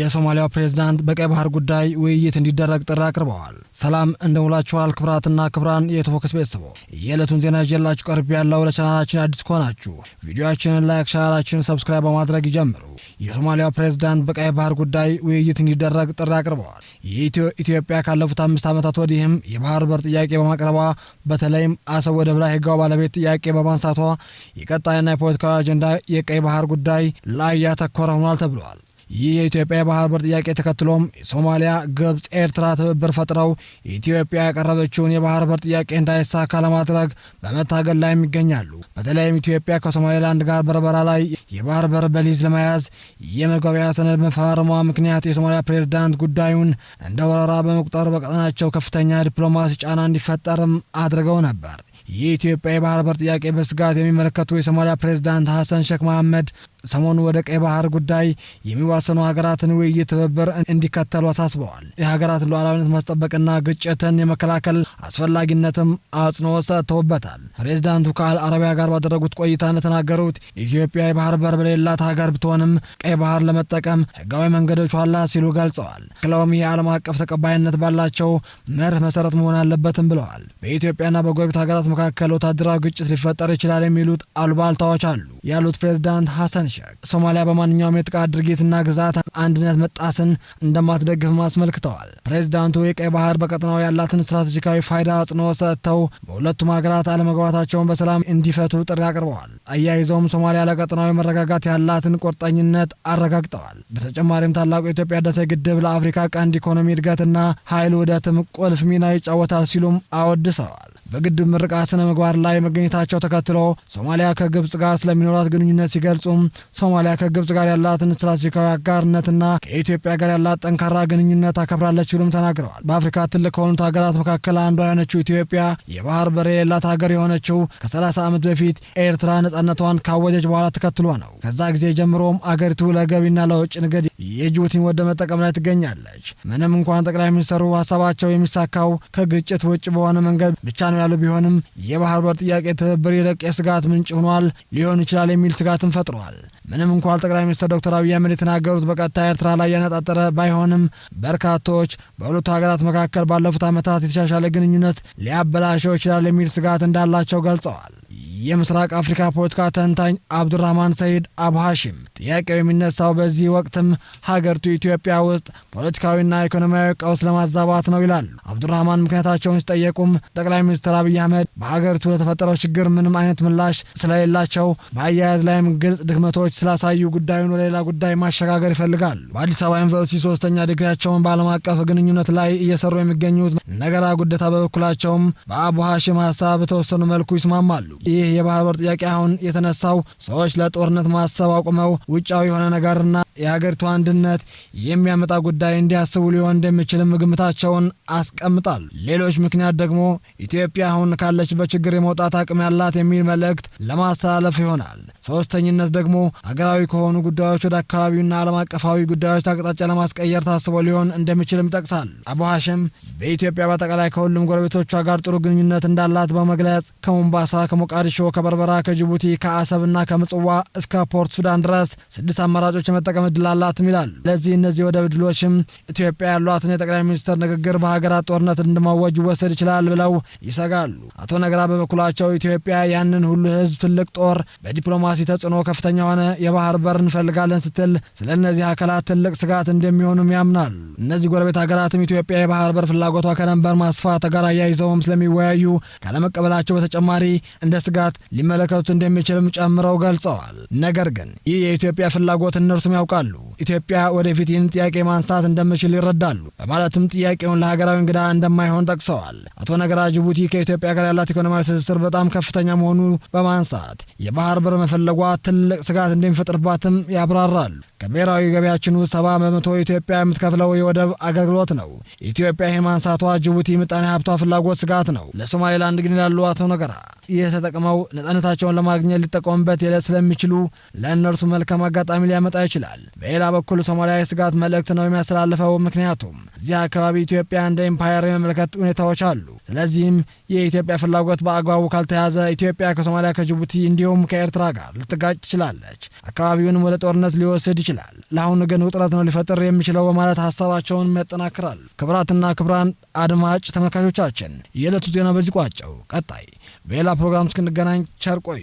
የሶማሊያው ፕሬዝዳንት በቀይ ባህር ጉዳይ ውይይት እንዲደረግ ጥሪ አቅርበዋል። ሰላም እንደሙላችኋል ክብራትና ክብራን የቶፎክስ ቤተሰቦች የዕለቱን ዜና ይዤላችሁ ቀርብ ያለው። ለቻናላችን አዲስ ከሆናችሁ ቪዲዮችንን ላይክ፣ ቻናላችን ሰብስክራይብ በማድረግ ይጀምሩ። የሶማሊያው ፕሬዝዳንት በቀይ ባህር ጉዳይ ውይይት እንዲደረግ ጥሪ አቅርበዋል። የኢትዮጵያ ካለፉት አምስት ዓመታት ወዲህም የባህር በር ጥያቄ በማቅረቧ በተለይም አሰብ ወደብ ላይ ሕጋዊ ባለቤት ጥያቄ በማንሳቷ የቀጣይና የፖለቲካዊ አጀንዳ የቀይ ባህር ጉዳይ ላይ ያተኮረ ሆኗል ተብሏል። ይህ የኢትዮጵያ የባህር በር ጥያቄ ተከትሎም ሶማሊያ፣ ግብፅ፣ ኤርትራ ትብብር ፈጥረው ኢትዮጵያ ያቀረበችውን የባህር በር ጥያቄ እንዳይሳካ ለማድረግ በመታገል ላይም ይገኛሉ። በተለይም ኢትዮጵያ ከሶማሌላንድ ጋር በርበራ ላይ የባህር በር በሊዝ ለመያዝ የመግባቢያ ሰነድ መፈራረሟ ምክንያት የሶማሊያ ፕሬዝዳንት ጉዳዩን እንደ ወረራ በመቁጠር በቀጠናቸው ከፍተኛ ዲፕሎማሲ ጫና እንዲፈጠርም አድርገው ነበር። የኢትዮጵያ የባህር በር ጥያቄ በስጋት የሚመለከቱ የሶማሊያ ፕሬዝዳንት ሐሰን ሼክ መሐመድ ሰሞኑ ወደ ቀይ ባህር ጉዳይ የሚዋሰኑ ሀገራትን ውይይት ትብብር እንዲከተሉ አሳስበዋል። የሀገራትን ሉዓላዊነት ማስጠበቅና ግጭትን የመከላከል አስፈላጊነትም አጽንኦት ሰጥተውበታል። ፕሬዚዳንቱ ከአል አረቢያ ጋር ባደረጉት ቆይታ እንደተናገሩት ኢትዮጵያ የባህር በር በሌላት ሀገር ብትሆንም ቀይ ባህር ለመጠቀም ህጋዊ መንገዶች አላ ሲሉ ገልጸዋል። ክለውም የዓለም አቀፍ ተቀባይነት ባላቸው መርህ መሰረት መሆን አለበትም ብለዋል። በኢትዮጵያና በጎረቤት ሀገራት መካከል ወታደራዊ ግጭት ሊፈጠር ይችላል የሚሉት አሉባልታዎች አሉ ያሉት ፕሬዚዳንት ሐሰን ትንሽ ሶማሊያ በማንኛውም የጥቃት ድርጊትና ግዛት አንድነት መጣስን እንደማትደግፍም አስመልክተዋል። ፕሬዚዳንቱ የቀይ ባህር በቀጠናው ያላትን ስትራቴጂካዊ ፋይዳ አጽኖ ሰጥተው በሁለቱም ሀገራት አለመግባባታቸውን በሰላም እንዲፈቱ ጥሪ አቅርበዋል። አያይዘውም ሶማሊያ ለቀጠናዊ መረጋጋት ያላትን ቁርጠኝነት አረጋግጠዋል። በተጨማሪም ታላቁ የኢትዮጵያ ህዳሴ ግድብ ለአፍሪካ ቀንድ ኢኮኖሚ እድገትና ኃይል ውህደትም ቁልፍ ሚና ይጫወታል ሲሉም አወድሰዋል። በግድብ ምርቃት ስነ ምግባር ላይ መገኘታቸው ተከትሎ ሶማሊያ ከግብፅ ጋር ስለሚኖራት ግንኙነት ሲገልጹም ሶማሊያ ከግብጽ ጋር ያላትን ስትራቴጂካዊ አጋርነትና ከኢትዮጵያ ጋር ያላት ጠንካራ ግንኙነት አከብራለች ሲሉም ተናግረዋል። በአፍሪካ ትልቅ ከሆኑት ሀገራት መካከል አንዷ የሆነችው ኢትዮጵያ የባህር በር የሌላት ሀገር የሆነችው ከ30 ዓመት በፊት ኤርትራ ነጻነቷን ካወጀች በኋላ ተከትሎ ነው። ከዛ ጊዜ ጀምሮም አገሪቱ ለገቢና ለውጭ ንግድ የጅቡቲን ወደ መጠቀም ላይ ትገኛለች። ምንም እንኳን ጠቅላይ ሚኒስትሩ ሀሳባቸው የሚሳካው ከግጭት ውጭ በሆነ መንገድ ብቻ ነው ያሉ ቢሆንም የባህር በር ጥያቄ ትብብር ይልቅ የስጋት ምንጭ ሆኗል ሊሆን ይችላል የሚል ስጋትን ፈጥሯል። ምንም እንኳን ጠቅላይ ሚኒስትር ዶክተር አብይ አህመድ የተናገሩት በቀጥታ ኤርትራ ላይ ያነጣጠረ ባይሆንም በርካቶች በሁለቱ ሀገራት መካከል ባለፉት ዓመታት የተሻሻለ ግንኙነት ሊያበላሸው ይችላል የሚል ስጋት እንዳላቸው ገልጸዋል። የምስራቅ አፍሪካ ፖለቲካ ተንታኝ አብዱራህማን ሰይድ አብሃሽም ጥያቄው የሚነሳው በዚህ ወቅትም ሀገሪቱ ኢትዮጵያ ውስጥ ፖለቲካዊና ኢኮኖሚያዊ ቀውስ ለማዛባት ነው ይላል። አብዱራህማን ምክንያታቸውን ሲጠየቁም ጠቅላይ ሚኒስትር አብይ አህመድ በሀገሪቱ ለተፈጠረው ችግር ምንም አይነት ምላሽ ስለሌላቸው በአያያዝ ላይም ግልጽ ድክመቶች ስላሳዩ ጉዳዩን ወደ ሌላ ጉዳይ ማሸጋገር ይፈልጋል። በአዲስ አበባ ዩኒቨርሲቲ ሶስተኛ ዲግሪያቸውን በዓለም አቀፍ ግንኙነት ላይ እየሰሩ የሚገኙት ነገራ ጉደታ በበኩላቸውም በአቡሃሽም ሀሳብ በተወሰኑ መልኩ ይስማማሉ። ይህ የባህር በር ጥያቄ አሁን የተነሳው ሰዎች ለጦርነት ማሰብ አቁመው ውጫዊ የሆነ ነገርና የሀገሪቱ አንድነት የሚያመጣ ጉዳይ እንዲያስቡ ሊሆን እንደሚችልም ግምታቸውን አስቀምጣል። ሌሎች ምክንያት ደግሞ ኢትዮጵያ አሁን ካለችበት ችግር የመውጣት አቅም ያላት የሚል መልእክት ለማስተላለፍ ይሆናል። ሶስተኝነት ደግሞ ሀገራዊ ከሆኑ ጉዳዮች ወደ አካባቢውና ዓለም አቀፋዊ ጉዳዮች አቅጣጫ ለማስቀየር ታስቦ ሊሆን እንደሚችልም ይጠቅሳል። አቡ ሀሽም በኢትዮጵያ በአጠቃላይ ከሁሉም ጎረቤቶቿ ጋር ጥሩ ግንኙነት እንዳላት በመግለጽ ከሞምባሳ ከሞቃዲሾ ሞቃዲሾ ከበርበራ ከጅቡቲ ከአሰብና ከምጽዋ እስከ ፖርት ሱዳን ድረስ ስድስት አማራጮች የመጠቀም እድል አላትም ይላል። ለዚህ እነዚህ ወደብ ድሎችም ኢትዮጵያ ያሏትን የጠቅላይ ሚኒስትር ንግግር በሀገራት ጦርነት እንድመወጅ ይወሰድ ይችላል ብለው ይሰጋሉ። አቶ ነገራ በበኩላቸው ኢትዮጵያ ያንን ሁሉ ህዝብ ትልቅ ጦር በዲፕሎማሲ ተጽዕኖ ከፍተኛ የሆነ የባህር በር እንፈልጋለን ስትል ስለ እነዚህ አካላት ትልቅ ስጋት እንደሚሆኑም ያምናል። እነዚህ ጎረቤት ሀገራትም ኢትዮጵያ የባህር በር ፍላጎቷ ከድንበር ማስፋት ጋር አያይዘውም ስለሚወያዩ ካለመቀበላቸው በተጨማሪ እንደ ስጋት አካላት ሊመለከቱት እንደሚችልም ጨምረው ገልጸዋል። ነገር ግን ይህ የኢትዮጵያ ፍላጎት እነርሱም ያውቃሉ። ኢትዮጵያ ወደፊት ይህን ጥያቄ ማንሳት እንደምችል ይረዳሉ በማለትም ጥያቄውን ለሀገራዊ እንግዳ እንደማይሆን ጠቅሰዋል። አቶ ነገራ ጅቡቲ ከኢትዮጵያ ጋር ያላት ኢኮኖሚያዊ ትስስር በጣም ከፍተኛ መሆኑ በማንሳት የባህር በር መፈለጓ ትልቅ ስጋት እንደሚፈጥርባትም ያብራራሉ። ከብሔራዊ ገቢያችን ውስጥ ሰባ በመቶ ኢትዮጵያ የምትከፍለው የወደብ አገልግሎት ነው። ኢትዮጵያ ይህን ማንሳቷ ጅቡቲ ምጣኔ ሀብቷ ፍላጎት ስጋት ነው። ለሶማሌላንድ ግን ይላሉ አቶ ነገራ የተጠቅመው ነፃነታቸውን ለማግኘት ሊጠቀሙበት የለት ስለሚችሉ ለእነርሱ መልካም አጋጣሚ ሊያመጣ ይችላል። በሌላ በኩል ሶማሊያ የስጋት መልእክት ነው የሚያስተላልፈው። ምክንያቱም እዚህ አካባቢ ኢትዮጵያ እንደ ኢምፓየር የመመልከት ሁኔታዎች አሉ። ስለዚህም የኢትዮጵያ ፍላጎት በአግባቡ ካልተያዘ ኢትዮጵያ ከሶማሊያ፣ ከጅቡቲ እንዲሁም ከኤርትራ ጋር ልትጋጭ ትችላለች። አካባቢውንም ወደ ጦርነት ሊወስድ ይችላል። ለአሁኑ ግን ውጥረት ነው ሊፈጥር የሚችለው በማለት ሀሳባቸውን ያጠናክራሉ። ክብራትና ክብራን አድማጭ ተመልካቾቻችን የዕለቱ ዜና በዚህ ቋጨው። ቀጣይ በሌላ ፕሮግራም እስክንገናኝ ቸር ቆዩ።